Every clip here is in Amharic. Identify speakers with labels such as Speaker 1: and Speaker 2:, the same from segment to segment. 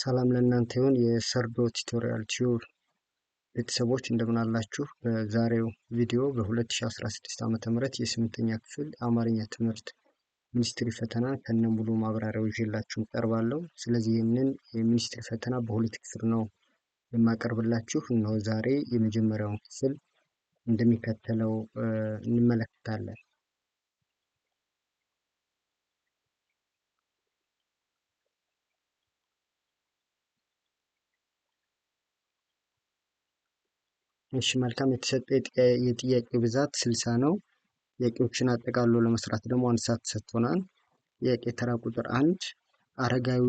Speaker 1: ሰላም ለእናንተ ይሁን። የሰርዶ ቲቶሪያል ቲዩብ ቤተሰቦች እንደምን አላችሁ? በዛሬው ቪዲዮ በ2016 ዓ ም የስምንተኛ ክፍል አማርኛ ትምህርት ሚኒስትሪ ፈተና ከነ ሙሉ ማብራሪያው ይዤላችሁ ቀርባለሁ። ስለዚህ ይህንን የሚኒስትሪ ፈተና በሁለት ክፍል ነው የማቀርብላችሁ። እነሆ ዛሬ የመጀመሪያውን ክፍል እንደሚከተለው እንመለከታለን። እሺ መልካም የተሰጠ የጥያቄ ብዛት ስልሳ ነው። ጥያቄዎችን አጠቃሎ ለመስራት ደግሞ አንድ ሰዓት ተሰጥቶናል። ጥያቄ ተራ ቁጥር አንድ አረጋዊ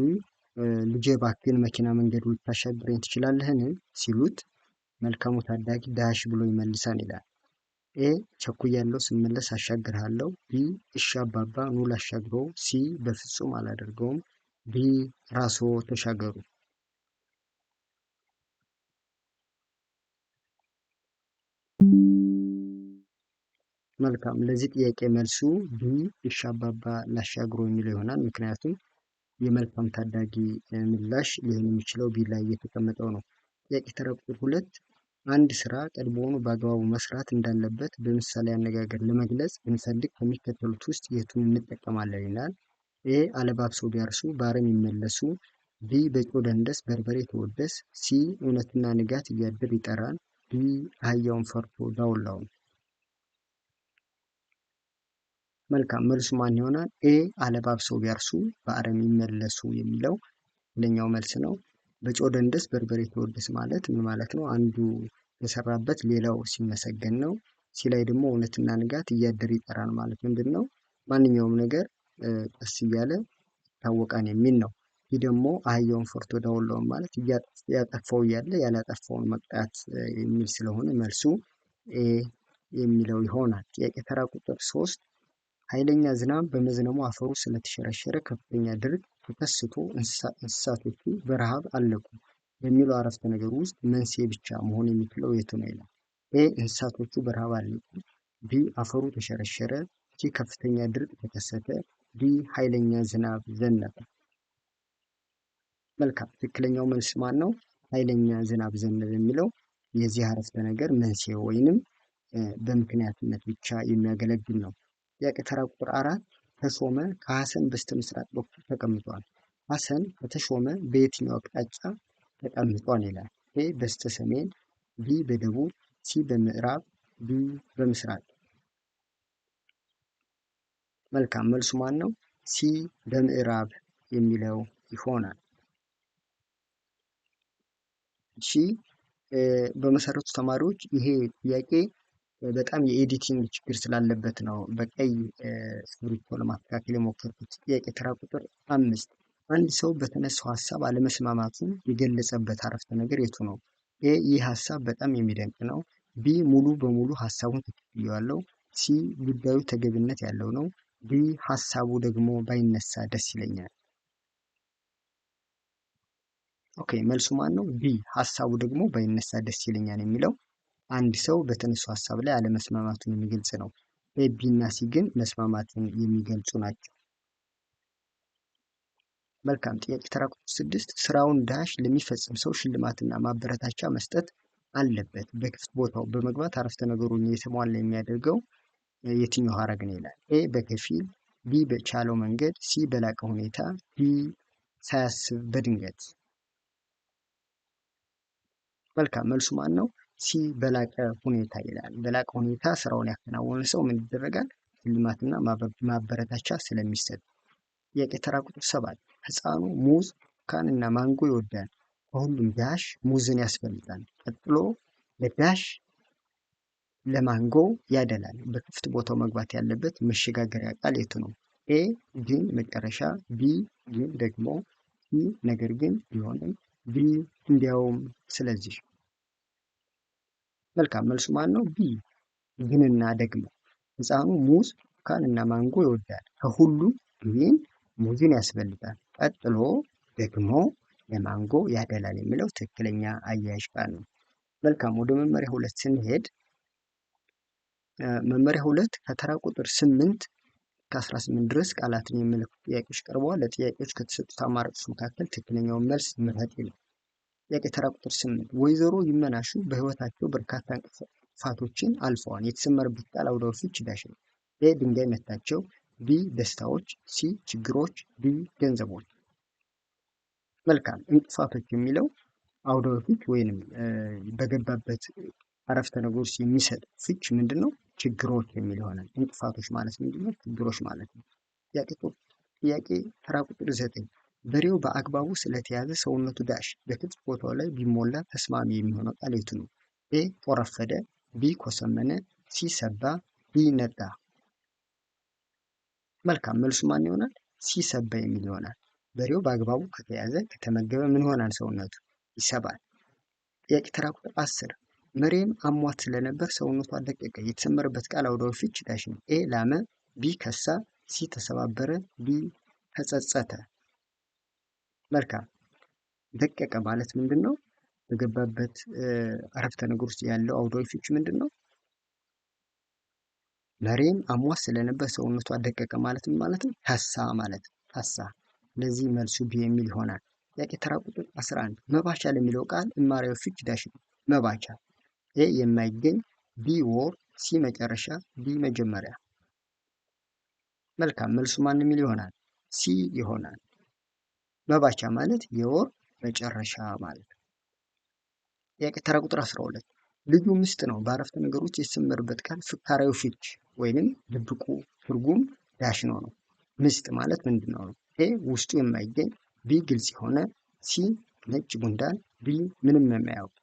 Speaker 1: ልጄ ባክን መኪና መንገድ ልታሻግረኝ ትችላለህን? ሲሉት መልካሙ ታዳጊ ዳሽ ብሎ ይመልሳል ይላል። ኤ ቸኩያለሁ ስመለስ አሻግርሃለሁ። ቢ እሺ አባባ ኑ ላሻግረው። ሲ በፍጹም አላደርገውም። ቢ ራስዎ ተሻገሩ መልካም ለዚህ ጥያቄ መልሱ ቢ ይሻባባ ላሻግሮ የሚለው ይሆናል። ምክንያቱም የመልካም ታዳጊ ምላሽ ሊሆን የሚችለው ቢ ላይ እየተቀመጠው ነው። ጥያቄ ተረ ቁጥር ሁለት አንድ ስራ ቀድሞውኑ በአግባቡ መስራት እንዳለበት በምሳሌ አነጋገር ለመግለጽ ብንፈልግ ከሚከተሉት ውስጥ የቱን እንጠቀማለን ይላል። ኤ አለባብሰው ቢያርሱ በአረም ይመለሱ፣ ቢ በጮ ደንደስ በርበሬ ተወደስ፣ ሲ እውነትና ንጋት እያደር ይጠራል፣ ዲ አህያውን ፈርቶ ዳውላውን መልካም መልሱ ማን ይሆናል? ኤ አለባብሰው ቢያርሱ በአረም ይመለሱ የሚለው ሁለኛው መልስ ነው። ደንደስ በርበሬ ተወደስ ማለት ምን ማለት ነው? አንዱ የሰራበት ሌላው ሲመሰገን ነው። ሲላይ ደግሞ እውነትና ንጋት እያደር ይጠራል ማለት ምንድን ነው? ማንኛውም ነገር ቀስ እያለ ይታወቃን የሚል ነው። ይህ ደግሞ አህያውን ፈርቶ ዳውላውን ማለት ያጠፋው እያለ ያላጠፋውን መቅጣት የሚል ስለሆነ መልሱ ኤ የሚለው ይሆናል። ጥያቄ ተራ ቁጥር ሶስት ኃይለኛ ዝናብ በመዝነቡ አፈሩ ስለተሸረሸረ ከፍተኛ ድርቅ ተከስቶ እንስሳቶቹ በረሃብ አለቁ በሚለው አረፍተ ነገር ውስጥ መንስኤ ብቻ መሆን የሚችለው የት ነው ይላል። ኤ እንስሳቶቹ በረሃብ አለቁ፣ ቢ አፈሩ ተሸረሸረ፣ ሲ ከፍተኛ ድርቅ ተከሰተ፣ ዲ ኃይለኛ ዝናብ ዘነበ። መልካም ትክክለኛው መልስ ማን ነው? ኃይለኛ ዝናብ ዘነበ የሚለው የዚህ አረፍተ ነገር መንስኤ ወይንም በምክንያትነት ብቻ የሚያገለግል ነው። የቅተራ ቁጥር አራት ተሾመ ከሐሰን በስተ ምስራቅ በኩል ተቀምጧል። ሐሰን ከተሾመ በየትኛው አቅጣጫ ተቀምጧል ይላል። ኤ በስተ ሰሜን፣ ቢ በደቡብ፣ ሲ በምዕራብ፣ ዲ በምስራቅ። መልካም መልሱ ማን ነው? ሲ በምዕራብ የሚለው ይሆናል። ሺ በመሰረቱ ተማሪዎች ይሄ ጥያቄ በጣም የኤዲቲንግ ችግር ስላለበት ነው በቀይ እስክሪብቶ ለማስተካከል የሞከርኩት። ጥያቄ ተራ ቁጥር አምስት አንድ ሰው በተነሳው ሀሳብ አለመስማማቱን የገለጸበት አረፍተ ነገር የቱ ነው? ኤ ይህ ሀሳብ በጣም የሚደንቅ ነው። ቢ ሙሉ በሙሉ ሀሳቡን ተቀብያለሁ። ሲ ጉዳዩ ተገቢነት ያለው ነው። ዲ ሀሳቡ ደግሞ ባይነሳ ደስ ይለኛል። ኦኬ መልሱ ማን ነው? ቢ ሀሳቡ ደግሞ ባይነሳ ደስ ይለኛል የሚለው አንድ ሰው በተነሱ ሀሳብ ላይ አለመስማማቱን የሚገልጽ ነው። ኤ፣ ቢ እና ሲ ግን መስማማትን የሚገልጹ ናቸው። መልካም ጥያቄ ተራ ቁጥር ስድስት ስራውን ዳሽ ለሚፈጽም ሰው ሽልማትና ማበረታቻ መስጠት አለበት። በክፍት ቦታው በመግባት አረፍተ ነገሩን የተሟላ የሚያደርገው የትኛው ሀረግ ነው ይላል። ኤ በከፊል፣ ቢ በቻለው መንገድ፣ ሲ በላቀ ሁኔታ፣ ዲ ሳያስብ በድንገት። መልካም መልሱ ማን ነው? ሲ በላቀ ሁኔታ ይላል። በላቀ ሁኔታ ስራውን ያከናወነ ሰው ምን ይደረጋል? ሽልማትና ማበረታቻ ስለሚሰጥ። ጥያቄ ተራ ቁጥር ሰባት ህፃኑ ሙዝ ብርቱካንና ማንጎ ይወዳል። በሁሉም ዳሽ ሙዝን ያስፈልጋል። ቀጥሎ ለዳሽ ለማንጎ ያደላል። በክፍት ቦታው መግባት ያለበት መሸጋገሪያ ቃል የቱ ነው? ኤ ግን መጨረሻ፣ ቢ ግን ደግሞ፣ ሲ ነገር ግን ቢሆንም፣ ቢ እንዲያውም። ስለዚህ መልካም መልሱ ማን ነው? ቢ ግንና ደግሞ ህፃኑ ሙዝ እና ማንጎ ይወዳል። ከሁሉም ግን ሙዝን ያስፈልጋል ቀጥሎ ደግሞ ለማንጎ ያደላል የሚለው ትክክለኛ አያያዥ ቃል ነው። መልካም ወደ መመሪያ ሁለት ስንሄድ መመሪያ ሁለት ከተራ ቁጥር ስምንት ከአስራ ስምንት ድረስ ቃላትን የሚለኩ ጥያቄዎች ቀርበዋል። ለጥያቄዎች ከተሰጡት አማራጮች መካከል ትክክለኛውን መልስ ምረጥ ይላል። ጥያቄ ተራ ቁጥር ስምንት ወይዘሮ ይመናሹ በህይወታቸው በርካታ እንቅፋቶችን አልፈዋል። የተሰመረበት ቃል አውደ ወርፊት ዳሽ ነው። ኤ ድንጋይ መታቸው፣ ቢ ደስታዎች፣ ሲ ችግሮች፣ ዲ ገንዘቦች። መልካም እንቅፋቶች የሚለው አውደ ወርፊት ወይንም በገባበት አረፍተ ነገር ውስጥ የሚሰጥ ፍች ምንድን ነው? ችግሮች የሚል ይሆናል። እንቅፋቶች ማለት ምንድን ነው? ችግሮች ማለት ነው። ጥያቄ ተራ ቁጥር ዘጠኝ በሬው በአግባቡ ስለተያዘ ሰውነቱ ዳሽ በክፍት ቦታው ላይ ቢሞላ ተስማሚ የሚሆነው ቃል የቱ ነው? ኤ ኮረፈደ፣ ቢ ኮሰመነ፣ ሲ ሰባ፣ ዲ ነዳ። መልካም መልሱ ማን ይሆናል? ሲ ሰባ የሚል ይሆናል። በሬው በአግባቡ ከተያዘ ከተመገበ ምን ይሆናል? ሰውነቱ ይሰባል። ጥያቄ ተራ ቁጥር አስር መሬም አሟት ስለነበር ሰውነቱ ደቀቀ የተሰመረበት ቃል አውደ ፍች ዳሽ ነው። ኤ ላመ፣ ቢ ከሳ፣ ሲ ተሰባበረ፣ ዲ ተጸጸተ። መልካም ደቀቀ ማለት ምንድን ነው? በገባበት አረፍተ ነገር ውስጥ ያለው አውዳዊ ፍቺ ምንድን ነው? መሬም አሟስ ስለነበር ሰውነቷ ደቀቀ ማለት ምን ማለት ነው? ሀሳ ማለት ሀሳ። ለዚህ መልሱ ቢ የሚል ይሆናል። ጥያቄ ተራ ቁጥር 11 መባቻ ለሚለው ቃል እማሪያዊ ፍቺ ዳሽ ነው። መባቻ ኤ የማይገኝ ቢ ወር ሲ መጨረሻ ዲ መጀመሪያ። መልካም መልሱ ማን የሚል ይሆናል? ሲ ይሆናል። መባቻ ማለት የወር መጨረሻ ማለት ነው። ጥያቄ ተራ ቁጥር 12 ልዩ ምስጥ ነው በአረፍተ ነገሮች ውስጥ ቃል ፍካራዊ ፍች ወይንም ድብቁ ትርጉም ዳሽኖ ነው። ምስጥ ማለት ምንድን ነው? ኤ ውስጡ የማይገኝ ቢ ግልጽ የሆነ ሲ ነጭ ጉንዳን ዲ ምንም የማያውቅ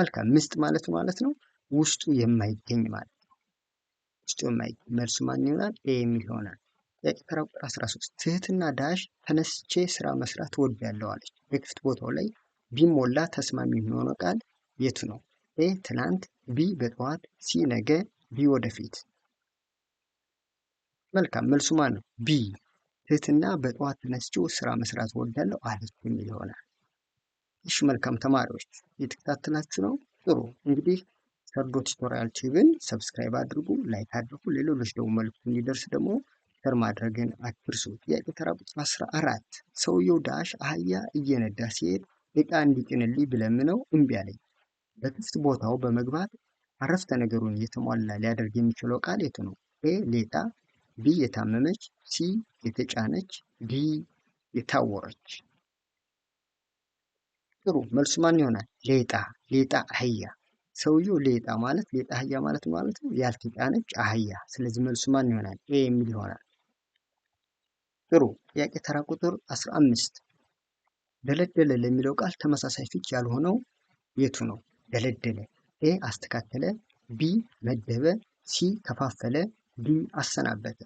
Speaker 1: መልካም ምስጥ ማለት ማለት ነው ውስጡ የማይገኝ ማለት ነው። ውስጡ የማይገኝ መልሱ ማን ይሆናል? ኤ የሚል ይሆናል። ጥያቄ ተራ 13 ትህትና ዳሽ ተነስቼ ስራ መስራት ያለው አለች። የክፍት ቦታው ላይ ቢሞላ ተስማሚ የሚሆነው ቃል የቱ ነው? ኤ ትናንት፣ ቢ በጠዋት፣ ሲ ነገ፣ ቢ ወደፊት። መልካም መልሱ ማን ነው? ቢ ትህትና በጠዋት ተነስቼ ስራ መስራት እወዳለሁ አለች የሚል ይሆናል። እሺ መልካም ተማሪዎች የተከታተላችሁ ነው። ጥሩ እንግዲህ ሰርዶ ቱቶሪያል ቲቪን ሰብስክራይብ አድርጉ፣ ላይክ አድርጉ። ሌሎች ደግሞ መልዕክቱ እንዲደርስ ደግሞ ሸር ማድረግን አትርሱ። ጥያቄ ተራ ቁጥር 14 ሰውየው ዳሽ አህያ እየነዳ ሲሄድ ዕቃ እንዲጭንልኝ ብለምነው እምቢ አለኝ። በክፍት ቦታው በመግባት አረፍተ ነገሩን የተሟላ ሊያደርግ የሚችለው ቃል የቱ ነው? ኤ ሌጣ፣ ቢ የታመመች፣ ሲ የተጫነች፣ ዲ የታወረች። ጥሩ መልሱ ማን ይሆናል? ሌጣ ሌጣ አህያ። ሰውየው ሌጣ ማለት ሌጣ አህያ ማለት ማለት ነው ያልተጫነች አህያ። ስለዚህ መልሱ ማን ይሆናል? ኤ የሚል ይሆናል። ጥሩ! ጥያቄ ተራ ቁጥር 15 ደለደለ ለሚለው ቃል ተመሳሳይ ፍች ያልሆነው የቱ ነው? ደለደለ ኤ አስተካከለ፣ ቢ መደበ፣ ሲ ከፋፈለ፣ ዲ አሰናበተ።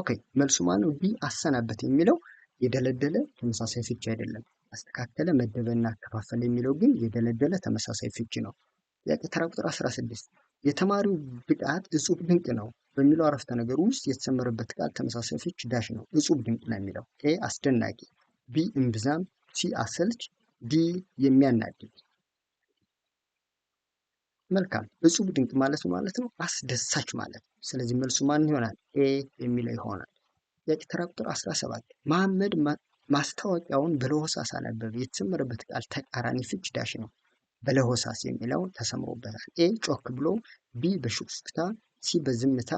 Speaker 1: ኦኬ መልሱ ማን ነው? ዲ አሰናበተ የሚለው የደለደለ ተመሳሳይ ፍች አይደለም። አስተካከለ፣ መደበ እና ከፋፈለ የሚለው ግን የደለደለ ተመሳሳይ ፍች ነው። ጥያቄ ተራ ቁጥር 16 የተማሪው ብቃት እጹብ ድንቅ ነው በሚለው አረፍተ ነገር ውስጥ የተሰመረበት ቃል ተመሳሳይ ፍች ዳሽ ነው። እጹብ ድንቅ ነው የሚለው ኤ አስደናቂ፣ ቢ እምብዛም፣ ሲ አሰልች፣ ዲ የሚያናድድ። መልካም እጹብ ድንቅ ማለት ማለት ነው አስደሳች ማለት ነው። ስለዚህ መልሱ ማን ይሆናል? ኤ የሚለው ይሆናል። ጥያቄ ተራ ቁጥር 17 መሐመድ ማስታወቂያውን በለሆሳስ አነበበ የተሰመረበት ቃል ተቃራኒ ፍች ዳሽ ነው። በለሆሳስ የሚለው ተሰምሮበታል። ኤ ጮክ ብሎ፣ ቢ በሹክሹክታ፣ ሲ በዝምታ፣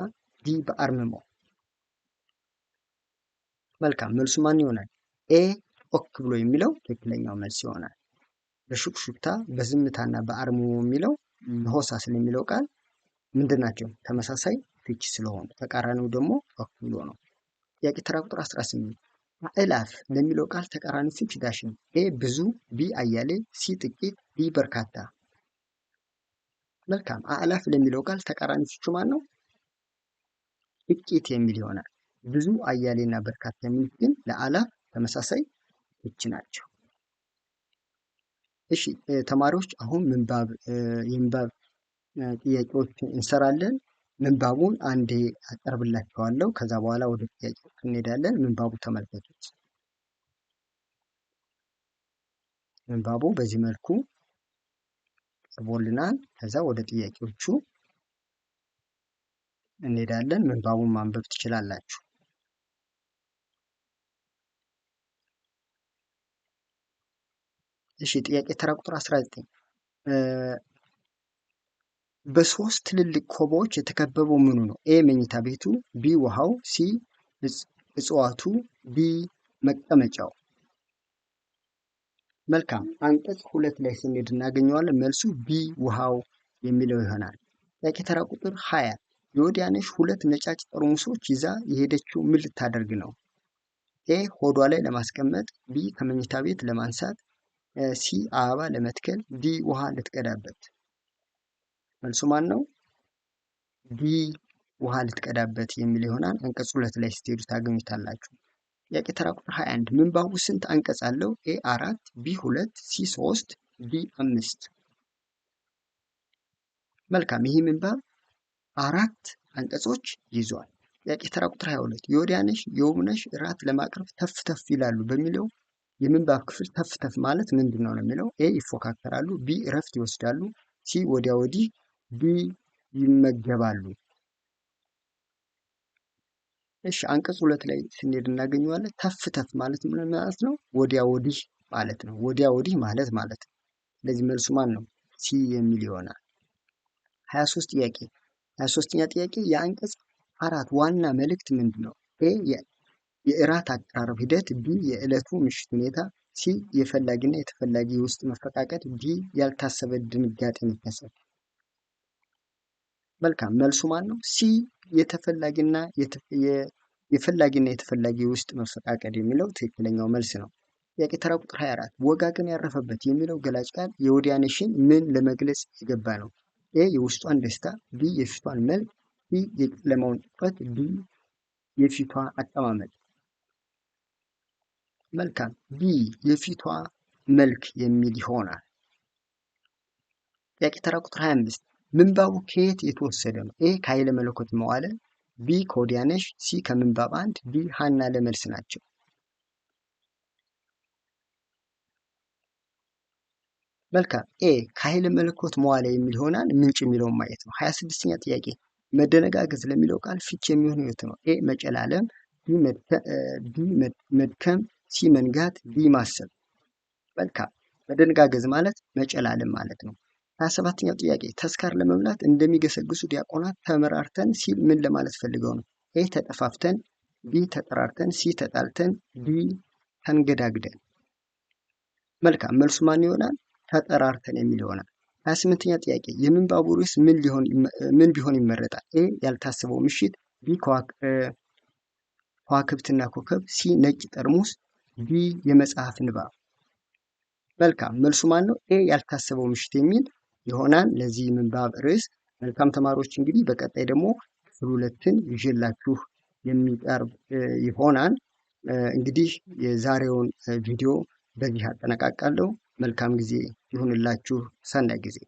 Speaker 1: ዲ በአርምሞ። መልካም መልሱ ማን ይሆናል? ኤ ጮክ ብሎ የሚለው ትክክለኛው መልስ ይሆናል። በሹክሹክታ በዝምታና በአርምሞ የሚለው ሆሳስ የሚለው ቃል ምንድን ናቸው? ተመሳሳይ ፍች ስለሆኑ ተቃራኒው ደግሞ ጮክ ብሎ ነው። ጥያቄ ተራ ቁጥር 18 አእላፍ ለሚለው ቃል ተቃራኒ ፍች ዳሽን ኤ ብዙ፣ ቢ አያሌ፣ ሲ ጥቂት፣ ቢ በርካታ መልካም አእላፍ ለሚለው ቃል ተቃራኒ ፍቹ ማን ነው? ጥቂት የሚል ይሆናል። ብዙ፣ አያሌና በርካታ የሚል ግን ለአእላፍ ተመሳሳይ እች ናቸው። እሺ ተማሪዎች አሁን ምንባብ የምንባብ ጥያቄዎች እንሰራለን። ምንባቡን አንዴ አቀርብላችኋለሁ። ከዛ በኋላ ወደ ጥያቄዎች እንሄዳለን። ምንባቡ ተመልከቱት። ምንባቡ በዚህ መልኩ አቅርቦልናል። ከዛ ወደ ጥያቄዎቹ እንሄዳለን። ምንባቡን ማንበብ ትችላላችሁ። እሺ ጥያቄ ተራ ቁጥር 19 በሶስት ትልልቅ ኮቦች የተከበበው ምኑ ነው? ኤ መኝታ ቤቱ፣ ቢ ውሃው፣ ሲ እጽዋቱ፣ ቢ መቀመጫው መልካም አንቀጽ ሁለት ላይ ስንሄድ እናገኘዋለን። መልሱ ቢ ውሃው የሚለው ይሆናል። ጥያቄ ተራ ቁጥር ሀያ የወዲያነሽ ሁለት ነጫጭ ጠርሙሶች ይዛ የሄደችው ምን ልታደርግ ነው? ኤ ሆዷ ላይ ለማስቀመጥ፣ ቢ ከመኝታ ቤት ለማንሳት፣ ሲ አበባ ለመትከል፣ ዲ ውሃ ልትቀዳበት። መልሱ ማን ነው? ዲ ውሃ ልትቀዳበት የሚል ይሆናል። አንቀጽ ሁለት ላይ ስትሄዱ ታገኙታላችሁ። ጥያቄ ተራ ቁጥር 21 ምንባቡ ስንት አንቀጽ አለው? ኤ አራት ቢ ሁለት ሲ ሶስት ዲ አምስት መልካም ይህ ምንባብ አራት አንቀጾች ይዟል። ጥያቄ ተራ ቁጥር 22 የወዲያነሽ የውብነሽ እራት ለማቅረብ ተፍ ተፍ ይላሉ በሚለው የምንባብ ክፍል ተፍ ተፍ ማለት ምንድን ነው ነው የሚለው ኤ ይፎካከራሉ፣ ቢ እረፍት ይወስዳሉ፣ ሲ ወዲያ ወዲህ፣ ዲ ይመገባሉ። እሺ አንቀጽ ሁለት ላይ ስንሄድ እናገኘዋለን። ተፍ ተፍ ማለት ምን ማለት ነው? ወዲያ ወዲህ ማለት ነው። ወዲያ ወዲህ ማለት ማለት ነው። ስለዚህ መልሱ ማን ነው? ሲ የሚል ይሆናል። ሀያ ሶስት ጥያቄ ሀያ ሶስተኛ ጥያቄ የአንቀጽ አራት ዋና መልእክት ምንድን ነው? ኤ የእራት አቀራረብ ሂደት፣ ቢ የዕለቱ ምሽት ሁኔታ፣ ሲ የፈላጊና የተፈላጊ ውስጥ መፈቃቀድ፣ ዲ ያልታሰበ ድንጋጤ መከሰት። መልካም መልሱ ማን ነው? ሲ የተፈላጊና የፈላጊና የተፈላጊ ውስጥ መፈቃቀድ የሚለው ትክክለኛው መልስ ነው። ጥያቄ ተራ ቁጥር 24 ወጋገን ያረፈበት የሚለው ገላጭ ቃል የወዲያነሽን ምን ለመግለጽ የገባ ነው? ኤ የውስጧን ደስታ፣ ቢ የፊቷን መልክ፣ ቢ የጨለማውን ጥቁረት፣ ቢ የፊቷ አጠማመጥ መልካም ቢ የፊቷ መልክ የሚል ይሆናል። ጥያቄ ተራ ቁጥር 25 ምንባቡ ከየት የተወሰደ ነው? ኤ ከኃይለ መለኮት መዋለ ቢ ከወዲያነሽ፣ ሲ ከምንባብ አንድ፣ ዲ ሀና ለመልስ ናቸው። መልካም ኤ ከኃይለ መለኮት መዋለ የሚል ይሆናል። ምንጭ የሚለውን ማየት ነው። ሀያ ስድስተኛ ጥያቄ መደነጋገዝ ለሚለው ቃል ፍች የሚሆነው የት ነው። ኤ መጨላለም፣ ቢ መድከም፣ ሲ መንጋት፣ ዲ ማሰብ። መልካም መደነጋገዝ ማለት መጨላለም ማለት ነው። ሀያ ሰባተኛው ጥያቄ ተስካር ለመብላት እንደሚገሰግሱ ዲያቆናት ተመራርተን ሲል ምን ለማለት ፈልገው ነው? ኤ ተጠፋፍተን፣ ቢ ተጠራርተን፣ ሲ ተጣልተን፣ ዲ ተንገዳግደን። መልካም መልሱ ማን ይሆናል? ተጠራርተን የሚል ይሆናል። ሀያ ስምንተኛ ጥያቄ የምን ባቡርስ ምን ቢሆን ይመረጣል? ኤ ያልታሰበው ምሽት፣ ቢ ከዋክብትና ኮከብ፣ ሲ ነጭ ጠርሙስ፣ ዲ የመጽሐፍ ንባብ። መልካም መልሱ ማን ነው? ኤ ያልታሰበው ምሽት የሚል ይሆናል። ለዚህ ምንባብ ርዕስ መልካም ተማሪዎች እንግዲህ በቀጣይ ደግሞ ክፍል ሁለትን ይዤላችሁ የሚቀርብ ይሆናል። እንግዲህ የዛሬውን ቪዲዮ በዚህ አጠናቃቃለሁ። መልካም ጊዜ ይሁንላችሁ። ሰናይ ጊዜ